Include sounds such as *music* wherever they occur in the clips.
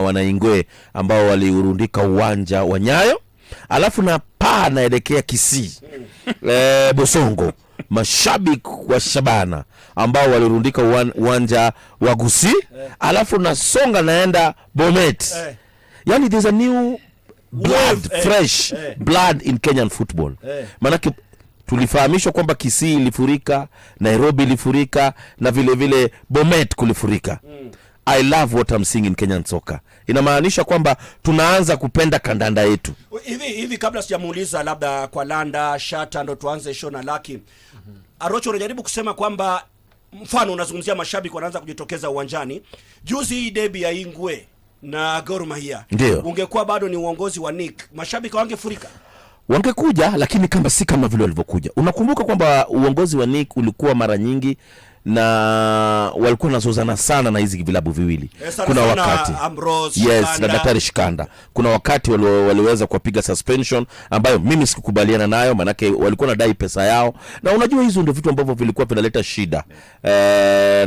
Wanaingwe ambao waliurundika uwanja wa Nyayo, alafu na paa naelekea Kisii e, Bosongo, mashabiki wa Shabana ambao walirundika uwanja wa Gusii, eh. alafu nasonga naenda Bomet. Eh. Yani there's a new blood, fresh blood in Kenyan football, maanake tulifahamishwa kwamba Kisii ilifurika, Nairobi ilifurika na vilevile vile Bomet kulifurika. Hmm. I love what I'm seeing in Kenyan soccer. Inamaanisha kwamba tunaanza kupenda kandanda yetu hivi hivi. Kabla sijamuuliza labda kwa landa shata, ndo tuanze show na laki mhm. Arocho, unajaribu kusema kwamba mfano unazungumzia mashabiki wanaanza kujitokeza uwanjani. Juzi hii debi ya Ingwe na Gor Mahia, ndio ungekuwa bado ni uongozi wa Nick, mashabiki wangefurika wangekuja, lakini kama si kama vile walivyokuja. Unakumbuka kwamba uongozi wa Nick ulikuwa mara nyingi na walikuwa wanazozana sana na hizi vilabu viwili yes, eh, kuna wakati Ambrose, yes, Shikanda. na daktari Shikanda kuna wakati waliweza kuwapiga suspension ambayo mimi sikukubaliana nayo, maanake walikuwa nadai pesa yao, na unajua hizo ndio vitu ambavyo vilikuwa vinaleta shida e,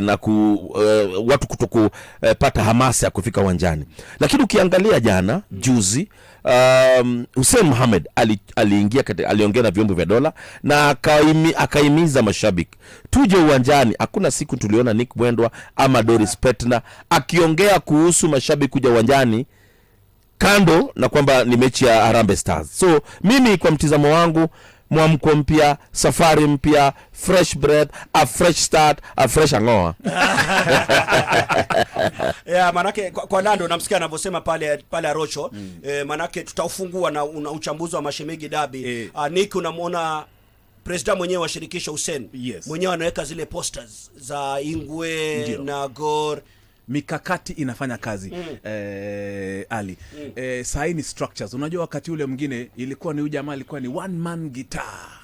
na ku, e, watu kutokupata e, hamasa ya kufika uwanjani, lakini ukiangalia jana juzi mm um, Hussein Mohamed aliingia ali aliongea na vyombo vya dola na akaimi, akaimiza mashabiki tuje uwanjani. Hakuna siku tuliona Nick Mwendwa ama Doris Petna akiongea kuhusu mashabiki kuja uwanjani kando na kwamba ni mechi ya Harambee Stars. So mimi kwa mtizamo wangu mwamko mpya safari mpya fresh breath a fresh start a fresh angoa *laughs* yeah, manake kwa, kwa Nando namsikia anavyosema pale pale Arocho mm. eh, manake tutaufungua na una uchambuzi wa Mashemegi Dabi e. Eh. Ah, niki unamwona President mwenyewe wa shirikisho Hussein yes. Mwenyewe anaweka zile posters za Ingwe Ndiyo. na Gor mikakati inafanya kazi mm. Eh, Ali mm. Eh, sahii ni structures. Unajua wakati ule mwingine ilikuwa ni huu jamaa alikuwa ni one man guitar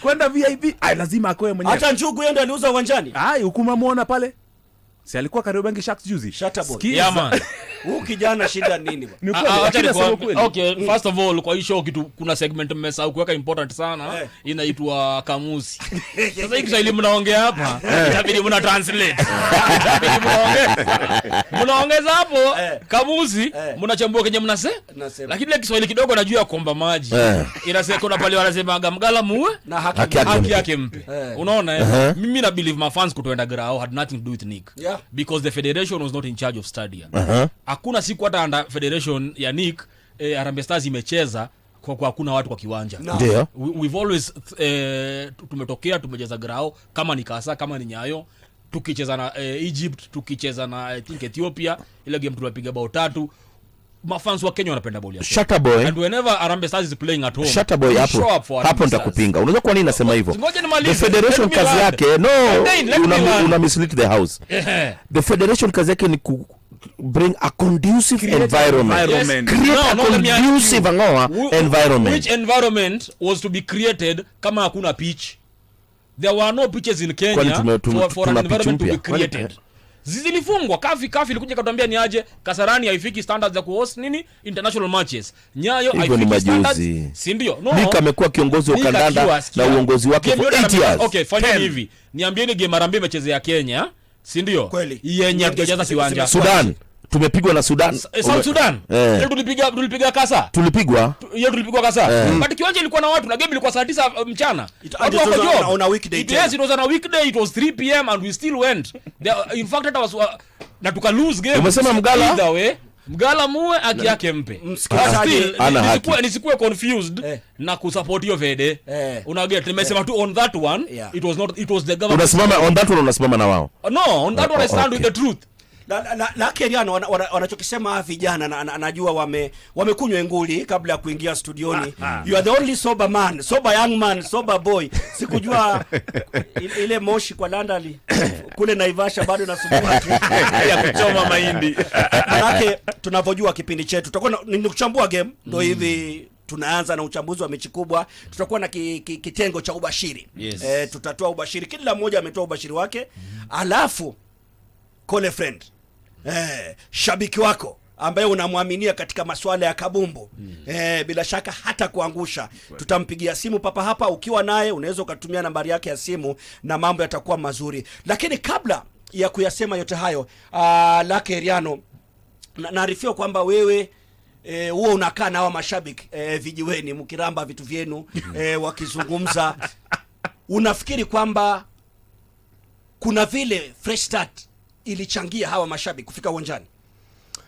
kwenda VIP ai, lazima akoe mwenyewe. Hata njugu yeye ndo aliuza uwanjani, ai, hukumamwona pale, si alikuwa Kariobangi Sharks juzi. Shut up, yeah man *laughs* Huu kijana shida nini bwana? Ni ah, kweli. Ah, kwa, kweli. Okay, mm. First of all kwa hii show kitu kuna segment mmesahau kuweka important sana eh, inaitwa kamusi. *laughs* Sasa hii Kiswahili mnaongea hapa, eh. itabidi mna translate. Itabidi mnaongea. Mnaongeza hapo eh, kamusi eh, mnachambua kenye mnase. Lakini ile Kiswahili kidogo najua komba maji. Eh. Inasema kuna pale wanasemaga mgala muue na haki haki yake mpe. Eh. Unaona eh? Uh -huh. Mimi na believe my fans kutoenda grao had nothing to do with Nick. Yeah. Because the federation was not in charge of stadium. Uh -huh hakuna siku hata under federation ya Nick eh, Harambee Stars imecheza kwa kwa hakuna watu kwa kiwanja no. We, we've always eh, tumetokea tumecheza grao kama ni Kasa kama ni Nyayo tukicheza na eh, Egypt tukicheza na I think Ethiopia, ile game tulipiga bao tatu. Mafans wa Kenya wanapenda boli yake Shatter Boy, and whenever harambe Stars is playing at home, Shatter Boy hapo hapo nitakupinga. Unajua kwa nini nasema hivyo? The federation kazi yake no, una, una mislead the house. The federation kazi yake ni ku bring a conducive Create environment. environment. Yes. Create no, a conducive angoa environment. Which environment was to be created kama hakuna pitch? There were no pitches in Kenya tume, tume, for, for an environment to be created. Zilifungwa kafi kafi ilikuja katuambia ni aje Kasarani haifiki standards ya kuhost nini international matches. Nyayo haifiki standards, si ndio? No. mika amekuwa kiongozi wa kandanda na uongozi wake for 8 years. Okay, fanyeni hivi. Niambieni game Harambee imechezea Kenya sindio Yenye hatujajaza kiwanja. Sudan tumepigwa na Sudan. Eh, South Sudan. Eh. Tulipiga tulipiga kasa. Tulipigwa. Yeye tulipigwa kasa. Eh. But kiwanja ilikuwa na watu na game ilikuwa saa 9 uh, mchana. Watu wako job. On a weekday. Yes, it was on a weekday. It was 3 p.m. and we still went. The, in fact that was uh, na tuka lose game. Umesema Mgala. Either way mgala muwe haki yake mpe nisikue confused eh. na kusupport hiyo vede eh. unaget nimesema eh. tu on that one yeah. it was not it was the government on that one unasimama na wao no on that oh, one i stand with the truth lake la, la, Riano wanachokisema wana, wana vijana na, na, wame wamekunywa nguli kabla ya kuingia studioni. Ah, ah. You are the only sober man, sober young man, sober boy. Sikujua *laughs* ile moshi kwa Landali kule Naivasha bado inasumbua *laughs* ya kuchoma mahindi. Lake tunavyojua kipindi chetu tutakuwa nikuchambua kuchambua game ndio mm. hivi tunaanza na uchambuzi wa mechi kubwa. Tutakuwa na ki, ki, kitengo cha ubashiri yes. E, tutatoa ubashiri, kila mmoja ametoa ubashiri wake mm. Alafu call a friend eh, shabiki wako ambaye unamwaminia katika masuala ya kabumbu mm. eh, bila shaka hata kuangusha. Tutampigia simu papa hapa, ukiwa naye unaweza ukatumia nambari yake ya simu na mambo yatakuwa mazuri. Lakini kabla ya kuyasema yote hayo, ah, Lake Riano, naarifiwa kwamba wewe eh, huo e, unakaa na hawa mashabiki e, vijiweni mkiramba vitu vyenu *laughs* e, wakizungumza unafikiri kwamba kuna vile fresh start ilichangia hawa mashabiki kufika uwanjani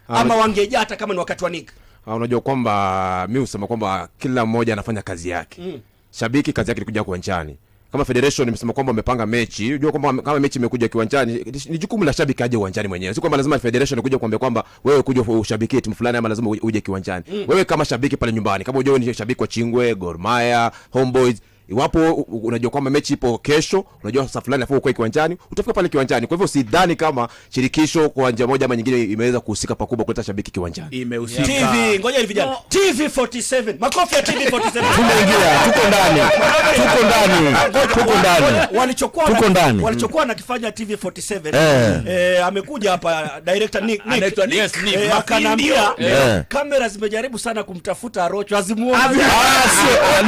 ah, ama wangejaa hata kama ni wakati wa nika. Ah, unajua kwamba mi husema kwamba kila mmoja anafanya kazi yake mm. Shabiki kazi yake ni kuwanjani kama federation imesema kwamba wamepanga mechi, unajua kwamba kama mechi imekuja kiwanjani, ni jukumu la shabiki aje uwanjani mwenyewe. Si kwamba lazima federation kuja kuambia kwamba wewe kuja ushabikie timu fulani ama lazima uje kiwanjani. Mm. Wewe kama shabiki pale nyumbani, kama unajua ni shabiki wa Chingwe, gormaya Homeboys iwapo unajua kwamba mechi ipo kesho, unajua saa fulani afua kiwanjani, utafika pale kiwanjani. Kwa hivyo sidhani kama shirikisho kwa njia moja ama nyingine imeweza kuhusika pakubwa kuleta shabiki kiwanjani, TV. Ngoja TV 47, makofi ya TV 47. Tumeingia, tuko ndani, tuko ndani, tuko ndani, walichokuwa tuko ndani, walichokuwa TV 47. Eh. eh, amekuja hapa director Nick, anaitwa Nick, eh, akanambia eh. kamera zimejaribu sana kumtafuta Arocho, azimuone,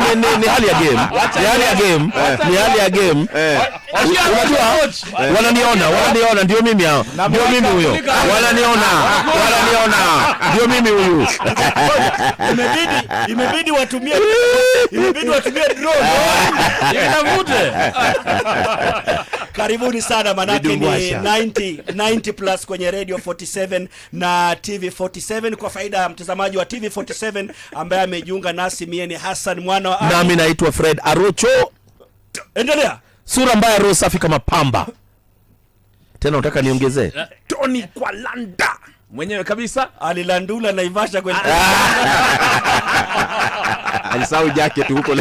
ah, ni hali ya game ni hali ya game, eh. ni hali ya game. Eh. Unajua wananiona, wananiona, ndio mimi hao, ndio mimi huyo, wananiona, wananiona, ndio mimi huyu. Imebidi imebidi watumie imebidi watumie drone *laughs* ili karibuni sana manake ni 90, 90 plus kwenye radio 47 na TV 47. Kwa faida ya mtazamaji wa TV 47 ambaye amejiunga nasi, mie ni Hassan mwana wa nami naitwa Fred Arocho. Endelea. Sura mbaya, roho safi kama pamba. Tena unataka niongezee eh, toni kwa landa mwenyewe kabisa alilandula Naivasha kwenda ah. *laughs* alisau jacket huko *laughs*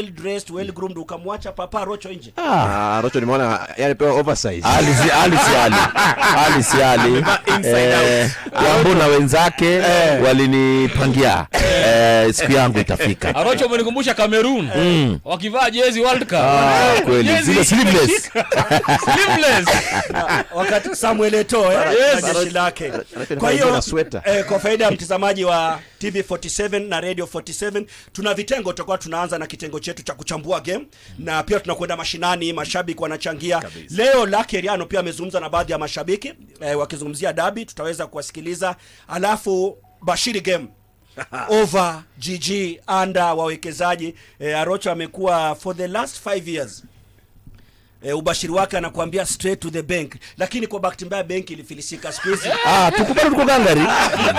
well dressed, well groomed, ukamwacha Papa Rocho nje. Ah, ah Rocho ni nimeona yale pewa oversize. Ali si Ali si Ali. *laughs* Ali si Ali. Eh, na wenzake eh, walinipangia eh, eh siku yangu itafika. Ah, Rocho umenikumbusha Cameroon mm. wakivaa jezi World Cup. Ah, kweli. Zile sleeveless. *laughs* sleeveless. Wakati Samuel Eto'o eh, yes. jeshi lake. Kwa hiyo eh, kwa faida ya mtazamaji wa TV 47 na Radio 47. Tuna vitengo, tutakuwa tunaanza na kitengo chetu cha kuchambua game mm na pia tunakwenda mashinani, mashabiki wanachangia Kabeza. Leo Lakeriano pia amezungumza na baadhi ya mashabiki eh, wakizungumzia dabi, tutaweza kuwasikiliza, alafu Bashiri game *laughs* over GG under wawekezaji eh, Arocha amekuwa for the last 5 years E, ubashiri wake anakuambia straight to the bank, lakini kwa bahati mbaya benki ilifilisika siku hizi. *laughs* Ah, tuko bado *laughs* tuko gandari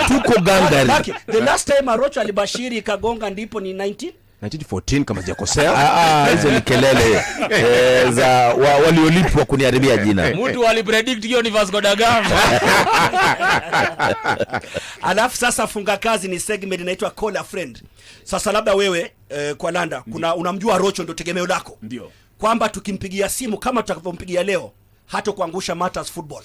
tuko gandari The last time Arocho alibashiri ikagonga ndipo ni 19 1914 kama sijakosea. Ah, ah eh. hizo ni kelele *laughs* eh, za wa, waliolipwa kuniharibia jina. Eh, Mtu alipredict hiyo ni Vasco da Gama. Alafu sasa funga kazi ni segment inaitwa call a friend. Sasa labda wewe eh, kwa Landa kuna unamjua Rocho ndio tegemeo lako. Ndio kwamba tukimpigia simu kama tutakavyompigia leo hata kuangusha Matters Football.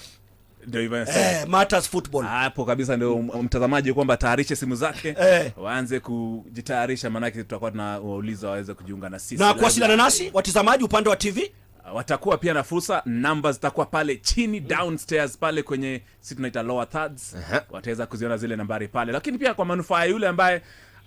eh, Matters Football hapo kabisa, ndio um, mtazamaji kwamba tayarishe simu zake eh, waanze kujitayarisha, maanake tutakuwa tunawauliza waweze kujiunga na sisi na kuwasiliana nasi. Watazamaji upande wa TV watakuwa pia na fursa, namba zitakuwa pale chini downstairs pale kwenye si tunaita lower thirds, wataweza kuziona zile nambari pale, lakini pia kwa manufaa yule ambaye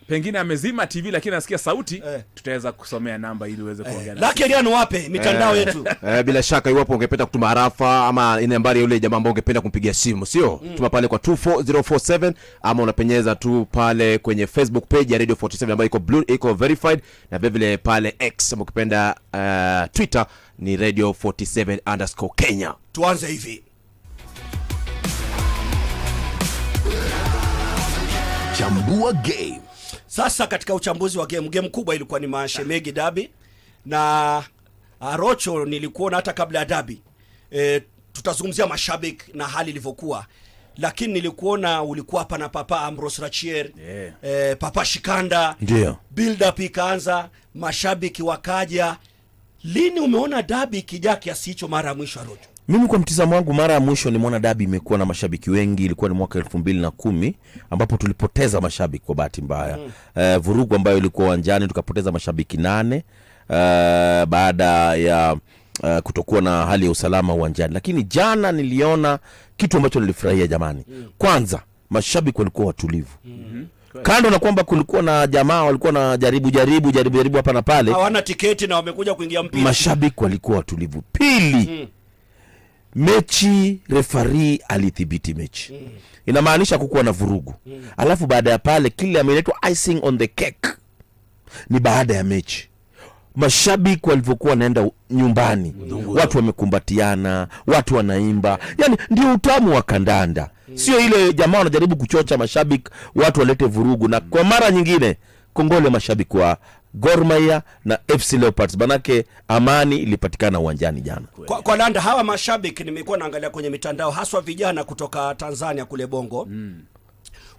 pengine amezima TV lakini anasikia sauti eh, tutaweza kusomea namba ili uweze kuongea. Eh, laki aliano wape mitandao eh, yetu eh, bila shaka iwapo ungependa kutuma harafa ama ile nambari ya yule jamaa ambao ungependa kumpigia simu, sio mm, tuma pale kwa 24047 ama unapenyeza tu pale kwenye Facebook page ya Radio 47 ambayo iko blue, iko verified na vile vile pale X ama ukipenda uh, Twitter ni Radio 47 kenya Tuanze hivi Chambua Game sasa katika uchambuzi wa game, game kubwa ilikuwa ni Mashemegi Dabi na arocho ah, nilikuona hata kabla ya dabi e, tutazungumzia mashabiki na hali ilivyokuwa, lakini nilikuona ulikuwa hapa na Papa Ambrose Rachier yeah. E, Papa Shikanda ndio build up ikaanza, mashabiki wakaja. Lini umeona dabi ikijaa kiasi hicho mara ya mwisho arocho mimi kwa mtizamo wangu, mara ya mwisho nimeona dabi imekuwa na mashabiki wengi ilikuwa ni mwaka elfu mbili na kumi ambapo tulipoteza mashabiki kwa bahati mbaya mm. E, vurugu ambayo ilikuwa uwanjani tukapoteza mashabiki nane e, baada ya Uh, kutokuwa na hali ya usalama uwanjani, lakini jana niliona kitu ambacho nilifurahia jamani. mm. Kwanza mashabiki walikuwa watulivu. mm -hmm. Kando na kwamba kulikuwa na jamaa walikuwa na jaribu jaribu jaribu jaribu hapa na pale, hawana tiketi na wamekuja kuingia mpira, mashabiki walikuwa watulivu. Pili mm mechi refari alithibiti mechi mm. inamaanisha kukuwa na vurugu mm. alafu baada ya pale kile ameletwa icing on the cake ni baada ya mechi mashabiki walivyokuwa wanaenda nyumbani mm. watu wamekumbatiana watu wanaimba yani ndio utamu wa kandanda mm. sio ile jamaa wanajaribu kuchocha mashabiki watu walete vurugu na kwa mara nyingine kongole mashabiki wa gormaia na FC Leopards, manake amani ilipatikana uwanjani jana. Kwa, kwa landa hawa mashabiki nimekuwa naangalia kwenye mitandao haswa vijana kutoka Tanzania kule Bongo mm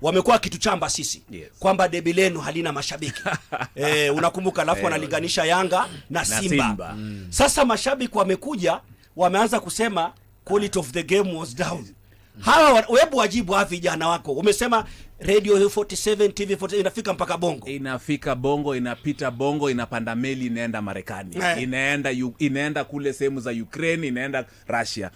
wamekuwa kituchamba sisi yes, kwamba debi lenu halina mashabiki *laughs* e, unakumbuka. Alafu eh, wanalinganisha Yanga na Simba, na Simba. Mm. Sasa mashabiki wamekuja wameanza kusema quality of the game was down. *laughs* Hawa hebu wajibu hawa vijana wako, umesema radio 47 TV 47 inafika mpaka Bongo, inafika Bongo, inapita Bongo, inapanda meli, inaenda Marekani, eh. inaenda inaenda kule sehemu za Ukraine, inaenda Russia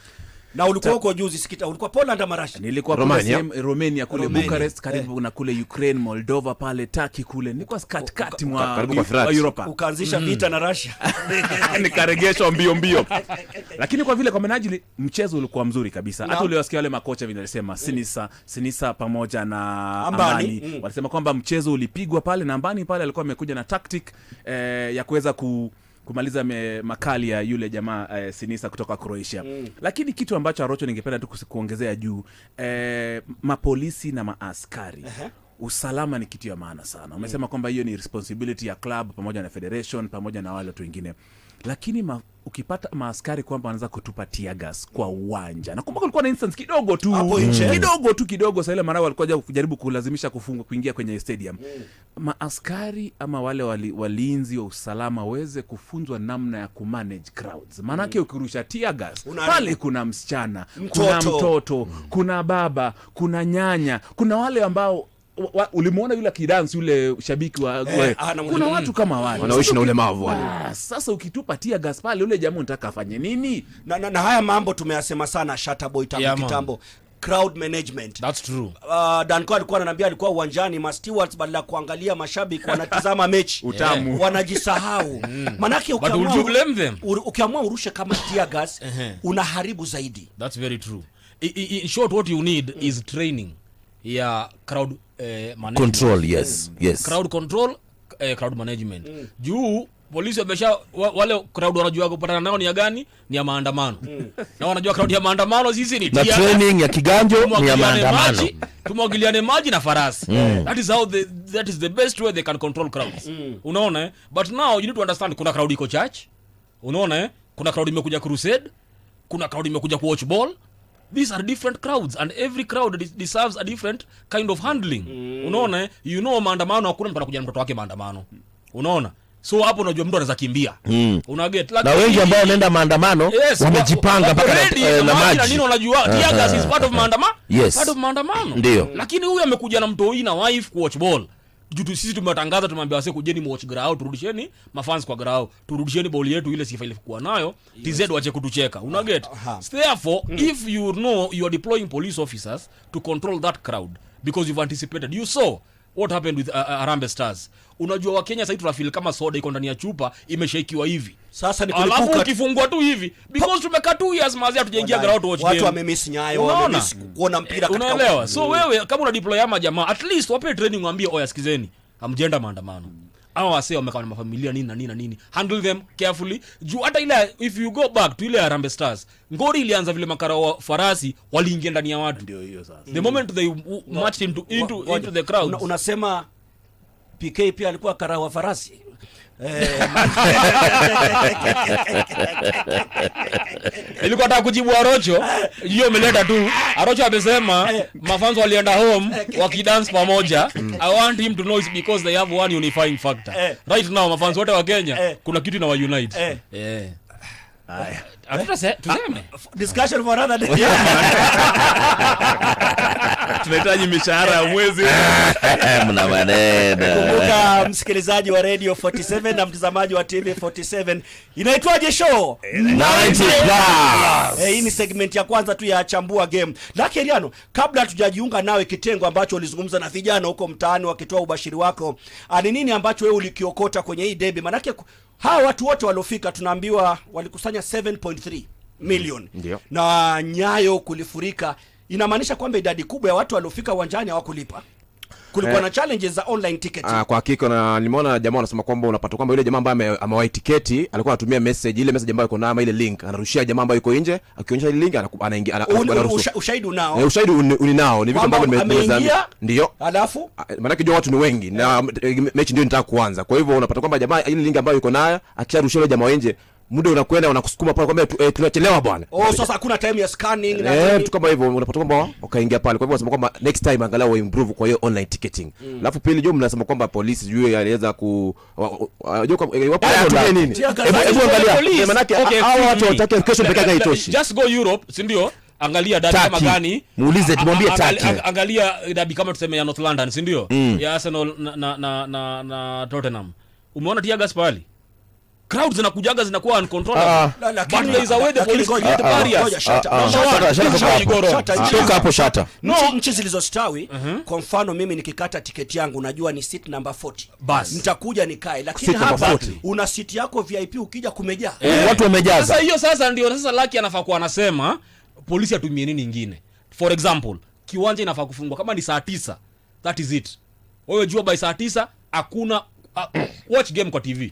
na ulikuwa huko juzi sikita, ulikuwa Poland ama Russia? Nilikuwa Romania, Romania kule Romania, Bucharest karibu eh, na kule Ukraine, Moldova pale, Turkey kule, nilikuwa katikati mwa Europa. Ukaanzisha mm. vita na Russia *laughs* nikaregeshwa mbio mbio, *laughs* lakini kwa vile kwa menajili mchezo ulikuwa mzuri kabisa, hata uliwasikia wale makocha vile vinasema mm. Sinisa Sinisa pamoja na Ambani, Ambani. Mm. Walisema kwamba mchezo ulipigwa pale na Ambani pale alikuwa amekuja na tactic eh, ya kuweza ku kumaliza me, makali ya yule jamaa eh, Sinisa kutoka Croatia mm. Lakini kitu ambacho Arocho ningependa tu kuongezea juu eh, mapolisi na maaskari uh -huh. Usalama ni kitu ya maana sana. Mm. Umesema mm. kwamba hiyo ni responsibility ya club pamoja na federation pamoja na wale watu wengine lakini ma, ukipata maaskari kwamba wanaweza kutupa gas kwa uwanja. Nakumbuka kulikuwa na instance kidogo tu mm. kidogo tu kidogo, saa ile walikuwa kujaribu kulazimisha kufungwa kuingia kwenye stadium mm. maaskari ama wale wali, walinzi wa usalama waweze kufunzwa namna ya kumanage crowds, maanake mm. ukirusha tear gas pale kuna msichana mtoto. kuna mtoto mm. kuna baba kuna nyanya kuna wale ambao ulimwona yule kidansi yule shabiki wa eh, ah, kuna mm, watu kama wale wanaoishi na ulemavu wale. Ah, sasa ukitupatia gas pale, yule jamaa unataka afanye nini? Na, na, na haya mambo tumeyasema sana Shatta Boy tangu yeah, kitambo crowd management. That's true. Uh, Danko alikuwa ananiambia alikuwa uwanjani ma stewards badala kuangalia mashabiki *laughs* wanatizama mechi utamu, yeah. wanajisahau *laughs* mm. manake ukiamua ukiamua urushe kama tear gas *laughs* unaharibu zaidi. That's very true. I, I, in short what you need mm. is training ya crowd eh, Control, yes, yes. Crowd control, eh, crowd management. Mm. Juu polisi wamesha wa, wale crowd wanajua kupatana nao ni ya gani? Ni ya maandamano. Hmm. Na wanajua crowd ya maandamano sisi ni tia, training ya kiganjo ni ya maandamano. Tumwagiliane maji na farasi. Mm. That is how that is the best way they can control crowds. Mm. Unaona eh? But now you need to understand kuna crowd iko church. Unaona eh? Kuna crowd imekuja crusade. Kuna crowd imekuja ball these are different crowds and every crowd deserves a different kind of handling mm. unaona eh? you know maandamano hakuna mtu anakuja mtoto wake maandamano unaona so hapo unajua mtu anaweza kimbia mm. unaget na wengi ambao wanaenda maandamano yes, wamejipanga mpaka eh, na, na maji na nini unajua uh, is part of maandamano yes. part of maandamano ndio lakini huyu amekuja na mtoi na wife kuwatch ball juu sisi tumewatangaza, tumeambia wase kujeni mwatch Grao, turudisheni mafans kwa Grao, turudisheni boli yetu ile sifa ilikuwa nayo yes. TZ wache kutucheka, una ah, get uh, uh, uh. Therefore mm. if you know you are deploying police officers to control that crowd because you've anticipated you saw what happened with uh, uh arambe Stars. Unajua Wakenya sasa tunafeel kama soda iko ndani ya chupa imeshaikiwa hivi. Sasa ni kulipuka. Alafu ukifungua tu hivi because tumeka two years mazia tujaingia ground watch game. Watu wamemiss nyayo, wamemiss kuona mpira katika. Unaelewa? So wewe kama una deploy ama jamaa at least wape training waambie oya sikizeni. Hamjenda maandamano. Hmm au wase wamekaa na mafamilia nini na nini na nini handle them carefully juu hata ile if you go back to ile Harambee Stars ngori ilianza vile makara wa farasi waliingia ndani ya watu ndio hiyo sasa the moment they marched into into, into the crowd unasema PK pia alikuwa kara wa farasi Eh, ilikuwa taka kujibu Arocho, hiyo umeleta tu. Arocho amesema mafanzo walienda home wakidance pamoja. Mm. I want him to know it's because they have one unifying factor eh. right now. mafanzo wote wa Kenya, eh. kuna kitu inawaunite. Yeah. Haya. Ah, *laughs* *laughs* tunahitaji mishahara ya mwezi *laughs* mna msikilizaji wa radio 47 na mtazamaji wa tv 47 inaitwaje shohii eh, hii ni segment ya kwanza tu ya chambua game lake kabla tujajiunga nawe kitengo ambacho ulizungumza na vijana huko mtaani wakitoa ubashiri wako ah, ni nini ambacho wewe ulikiokota kwenye hii debi manake hawa watu wote waliofika tunaambiwa walikusanya 7.3 million mm, na nyayo kulifurika inamaanisha kwamba idadi kubwa ya watu waliofika uwanjani hawakulipa kulikuwa eh, na challenges za online ticketing. Ah, kwa hakika na nimeona jamaa anasema kwamba unapata kwamba yule jamaa ambaye amewahi tiketi alikuwa anatumia message ile message ambayo iko na ama ile link anarushia jamaa ambaye yuko nje, akionyesha ile link anaingia anaruhusu. Ushahidi unao? Eh, ushahidi uninao ni vitu ambavyo nimeweza Ndio. Alafu ah, eh, maana kijua watu ni wengi na eh, mechi ndio nitaka kuanza. Kwa hivyo unapata kwamba jamaa ile link ambayo yuko nayo akisharushia yule jamaa nje muda unakwenda unakusukuma pale kwamba eh, tunachelewa bwana. Oh, sasa hakuna time ya scanning na eh, vitu kama hivyo unapata kwamba ukaingia pale. Kwa hivyo unasema kwamba next time angalau improve kwa hiyo online ticketing. Mm. Alafu mm. pili jo mnasema kwamba polisi yeye aliweza ku jo eh, wapo eh, nini? Hebu hebu angalia. Maana yake hao watu wataka education peke yake haitoshi. Just go Europe, si ndio? Angalia dabi kama gani, muulize tumwambie Taki. Angalia dabi kama tuseme ya North London, si ndio? mm. Ya Arsenal na na na na, Tottenham. Umeona tear gas pale? crowd zinakujaga zinakuwa uncontrollable, ah, ah. zilizostawi mhm. kwa mfano, mimi nikikata tiketi yangu najua ni sit number 40, basi nitakuja nikae, lakini hapa una sit yako VIP, ukija kumejaawatu eh. watu wamejaza. Sasa hiyo sasa ndio sasa laki anafaa kuwa anasema polisi atumie nini ingine, for example kiwanja inafaa kufungwa kama ni saa tisa, that is it. Wewe jua by saa tisa hakuna uh, watch game kwa TV.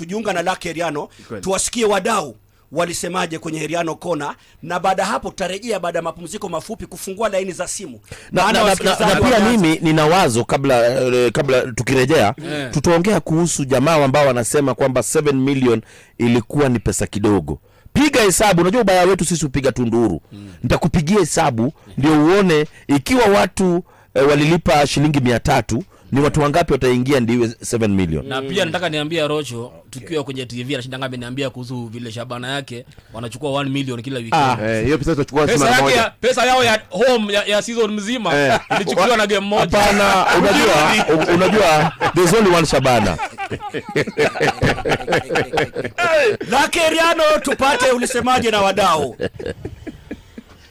tujiunga na lake Heriano tuwasikie wadau walisemaje kwenye Heriano Kona, na baada hapo tutarejea baada ya mapumziko mafupi kufungua laini za simu na, na, na, na, na pia mimi nina wazo kabla, eh, kabla tukirejea yeah. Tutaongea kuhusu jamaa ambao wanasema kwamba 7 million ilikuwa ni pesa kidogo. Piga hesabu, unajua ubaya wetu sisi upiga tunduru mm. Nitakupigia hesabu ndio uone ikiwa watu eh, walilipa shilingi mia tatu ni watu wangapi wataingia ndiwe 7 million. Na pia nataka niambia Rocho, tukiwa okay. kwenye TV anashinda ngapi, niambia kuhusu vile Shabana yake wanachukua 1 million kila wiki. Ah, eh, hiyo pesa tutachukua sana moja. Pesa, pesa yao ya home ya, ya season mzima eh, ilichukuliwa na game moja. Hapana, unajua unajua there's only one Shabana. keriano tupate ulisemaje na wadau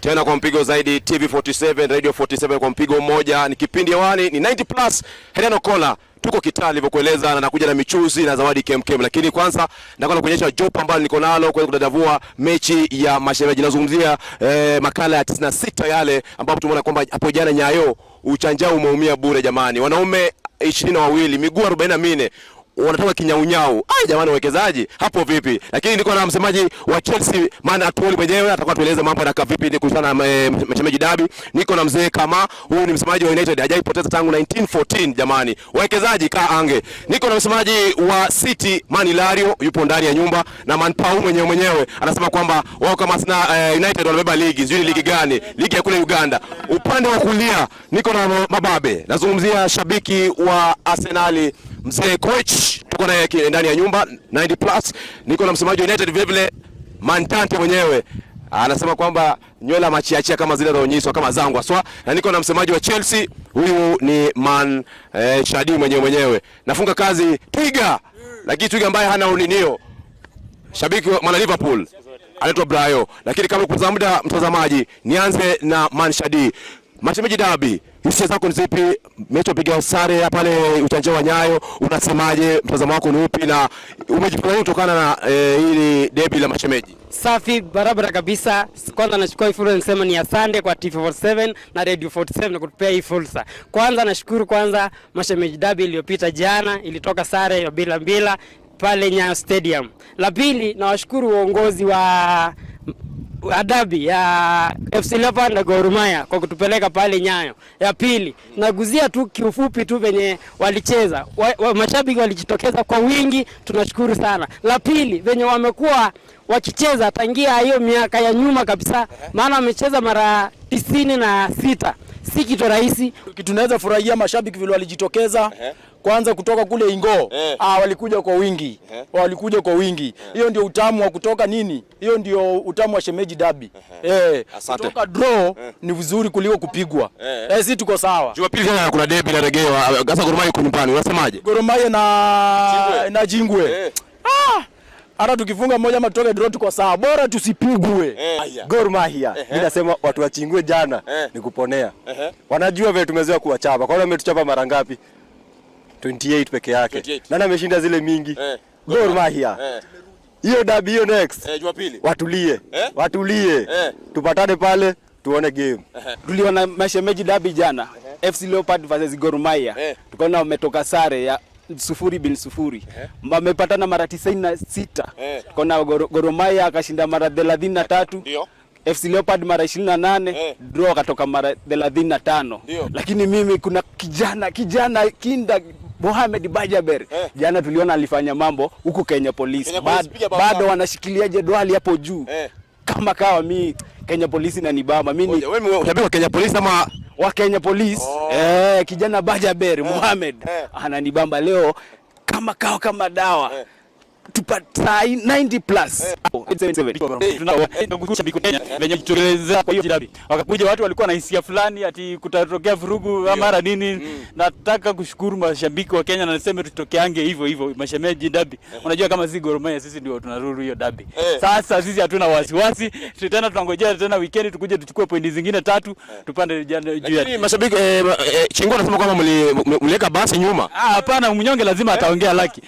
tena kwa mpigo zaidi. TV47 Radio 47 kwa mpigo mmoja, ni kipindi hewani, ni 90 plus. Helen Kola tuko kitaa nilivyokueleza, na nakuja na michuzi na zawadi kemkem, lakini kwanza nakwenda kuonyesha jopo ambalo niko nalo kuweza kudadavua mechi ya mashemeji. Nazungumzia eh, makala ya 96 yale ambapo tumeona kwamba hapo jana Nyayo uchanjao umeumia bure. Jamani, wanaume ishirini na wawili miguu arobaini na wanataka kinyaunyau. Ai jamani, wawekezaji hapo vipi? Lakini niko na msemaji wa Chelsea maana Atwoli mwenyewe atakuwa tueleze mambo yanakaa vipi ni kuhusiana na e, eh, mchezaji dabi. Niko na mzee kama huyu ni msemaji wa United, hajaipoteza tangu 1914 jamani. Wawekezaji kaa ange. Niko na msemaji wa City Man Ilario yupo ndani ya nyumba na Man Pau mwenyewe mwenyewe anasema kwamba wao kama sina uh, eh, United wanabeba ligi, sijui ligi gani? Ligi ya kule Uganda. Upande wa kulia niko na mababe. Nazungumzia shabiki wa Arsenali mzee coach, tuko naye ndani ya nyumba 90 plus. Niko na msemaji United vile vile Mantante mwenyewe anasema kwamba nywele machiachia kama zile za Onyiso kama zangu aswa, na niko na msemaji wa Chelsea, huyu ni Man eh, Shadi mwenyewe mwenyewe. Nafunga kazi Twiga, lakini Twiga ambaye hana uninio, shabiki wa Liverpool anaitwa Brayo. Lakini kama kupoteza muda, mtazamaji, nianze na Man Shadi. Mashemeji Dabi, hisia zako ni zipi? Mechi wapiga sare pale uwanja wa Nyayo, unasemaje? Mtazamo wako ni upi na umejipata nini kutokana na eh, hili debi la mashemeji? Safi barabara kabisa. Kwanza nashukuru hii fursa, nisema ni asante kwa t 47 na Radio 47 na kutupea hii fursa. Kwanza nashukuru kwanza, mashemeji dabi iliyopita jana ilitoka sare ya bila bila pale Nyayo Stadium. La pili, nawashukuru uongozi wa adabi ya FC Leopard na Gor Mahia kwa kutupeleka pale Nyayo. Ya pili, naguzia tu kiufupi tu venye walicheza wa, wa, mashabiki walijitokeza kwa wingi, tunashukuru sana. La pili, venye wamekuwa wakicheza tangia hiyo miaka ya nyuma kabisa, maana wamecheza mara tisini na sita si kitu rahisi. Tunaweza furahia mashabiki vile walijitokeza Kwanza kutoka kule Ingo eh. ah, walikuja kwa wingi eh. walikuja kwa wingi hiyo eh. ndio utamu wa kutoka nini, hiyo ndio utamu wa shemeji dabi eh. eh, kutoka draw eh. ni vizuri kuliko kupigwa eh. eh, si tuko sawa. Jumapili tena kuna debi na regeo sasa Gor Mahia nyumbani, unasemaje? Gor Mahia na Jingwe. na Jingwe Eh. ah hata tukifunga moja ama tutoke draw tuko sawa, bora tusipigwe. Eh, Gor Mahia eh, mimi nasema watu wachingwe jana eh, kuponea eh, wanajua vile tumezoea kuwachapa. Kwa nini ametuchapa mara ngapi? 28 peke yake 28. Nani ameshinda zile mingi eh, Gor Mahia eh. Hiyo dabi hiyo next eh, Jumapili watulie eh, watulie eh, tupatane pale tuone game eh. Tuliona mashemeji dabi jana eh, FC Leopard versus Gor Mahia eh, tukaona wametoka sare ya sufuri bin sufuri uh Amepatana mara tisaini na sita Kona Gor Mahia akashinda mara thelathini na tatu FC Leopard mara na nane draw akatoka mara na tano Lakini mimi kuna kijana kijana kinda Mohamed Bajaber Jana tuliona alifanya mambo huku Kenya Police, bado, wanashikilia jedwali hapo juu Kama kawa mimi Kenya Police na nibamba mimi. Wewe unashabiki wa Kenya Police ama wa Kenya Police? Oh. Eh, kijana Bajaber eh. Mohamed eh, ananibamba leo kama kawa kama dawa eh tupatai 90 plus lenye kuchoreleza. Kwa hiyo jirabi wakakuja watu walikuwa na hisia fulani ati kutatokea vurugu mara nini. Mm. Nataka kushukuru mashabiki wa Kenya na niseme tutokeange hivyo hivyo mashemeji dabi. Eh. Unajua kama si Gor Mahia sisi ndio tunaruru hiyo dabi. Eh. Sasa sisi hatuna wasiwasi, tena tunangojea tena weekend tukuje tuchukue pointi zingine tatu eh. tupande juu ya. Mashabiki eh, Chingo anasema kwamba mliweka basi nyuma. Ah, hapana, mnyonge lazima ataongea laki.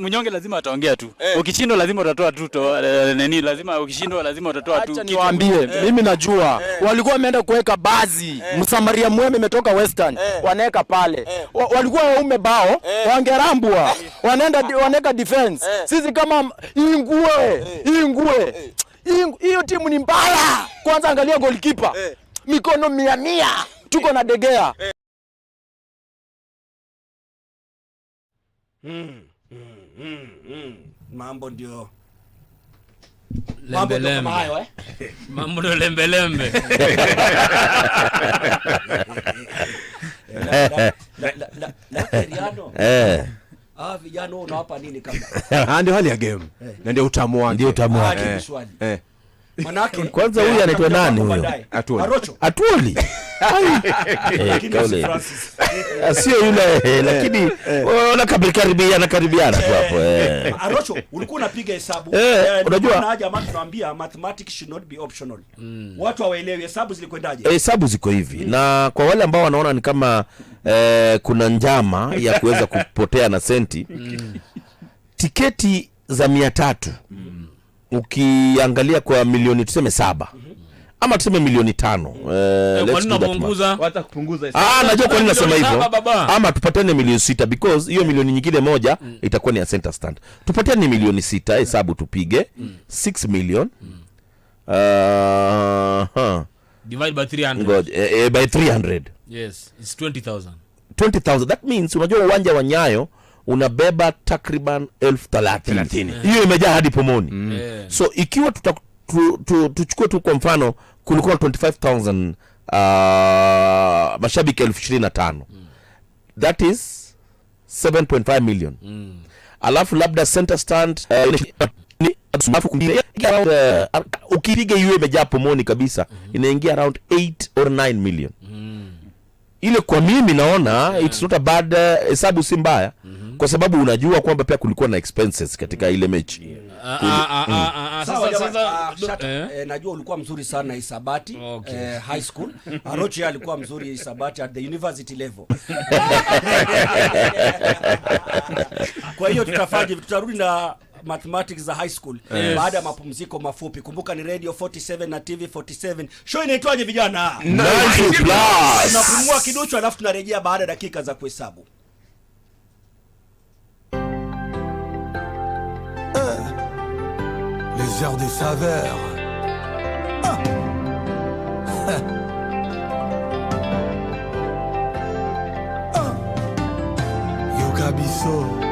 Mnyonge lazima ataongea moja tu eh. Ukishindwa lazima utatoa tu eh, nani, lazima ukishindwa lazima utatoa tu kitu. Niwaambie eh. Mimi najua eh. Walikuwa wameenda kuweka bazi eh. Msamaria mwema imetoka Western eh. Wanaweka pale eh. Wa, walikuwa waume bao eh. Wangerambwa eh. Wanaenda wanaweka defense eh. Sisi kama ingue eh. ingue eh. hiyo eh. timu ni mbaya. Kwanza angalia goalkeeper eh. Mikono mia mia tuko na Degea eh. mm. Mm, mm. mambo ndio mambo lembe. Eh? lembelembe *laughs* *laughs* *laughs* eh. Ah, vijana unawapa nini kabla? Ah, ndio hali ya game. Eh. Na ndio utamu wake. Ndio utamu wake. Manake kwanza huyu eh, anaitwa nani huyo? atuli *laughs* eh, ah, Sio yule eh, lakini ona oh, karibia na karibiana tu hapo. Arocho, ulikuwa unapiga hesabu. Unajua naja ama maana tunaambia mathematics should not be optional. Hmm. Watu hawaelewi hesabu zilikwendaje? Hesabu ziko hivi. Na kwa wale ambao wanaona ni kama eh, kuna njama ya kuweza kupotea na senti. Hmm. Tiketi za mia tatu mm ukiangalia kwa milioni tuseme saba ama tuseme milioni tano eh, eh, ah, najua kwa nini nasema hivyo ama tupatane milioni sita because hiyo milioni nyingine moja mm. itakuwa ni ya center stand tupatane milioni sita hesabu tupige mm. 6 million mm. uh, huh. by 300. God, eh, eh, by 300 yes, it's 20000 20, that means unajua uwanja wa nyayo mm unabeba takriban elfu thelathini hiyo imejaa hadi pomoni mm. yeah. so ikiwa tuta, tu, tu, tuchukue tu kwa mfano kulikuwa 25000 uh, mashabiki elfu ishirini na tano mm. that is 7.5 million mm. alafu labda center stand uh, uh ukipiga hiyo imejaa pomoni kabisa mm -hmm. inaingia around 8 or 9 million mm. ile kwa mimi naona yeah. it's not a bad uh, hesabu uh, si mbaya mm -hmm kwa sababu unajua kwamba pia kulikuwa na expenses katika ile mechi. Eh? Eh, najua ulikuwa mzuri sana Isabati okay. eh, high school Arochi *laughs* ah, alikuwa mzuri Isabati at the university level *laughs* kwa hiyo tutafanya tutarudi na mathematics za high school yes. Baada ya mapumziko mafupi. Kumbuka ni Radio 47 na TV 47. Show inaitwaje vijana? Tunapumua kiduchu, alafu tunarejea baada ya dakika za kuhesabu. Mangeur des saveurs. Ah *laughs* ah Yoga Bissot.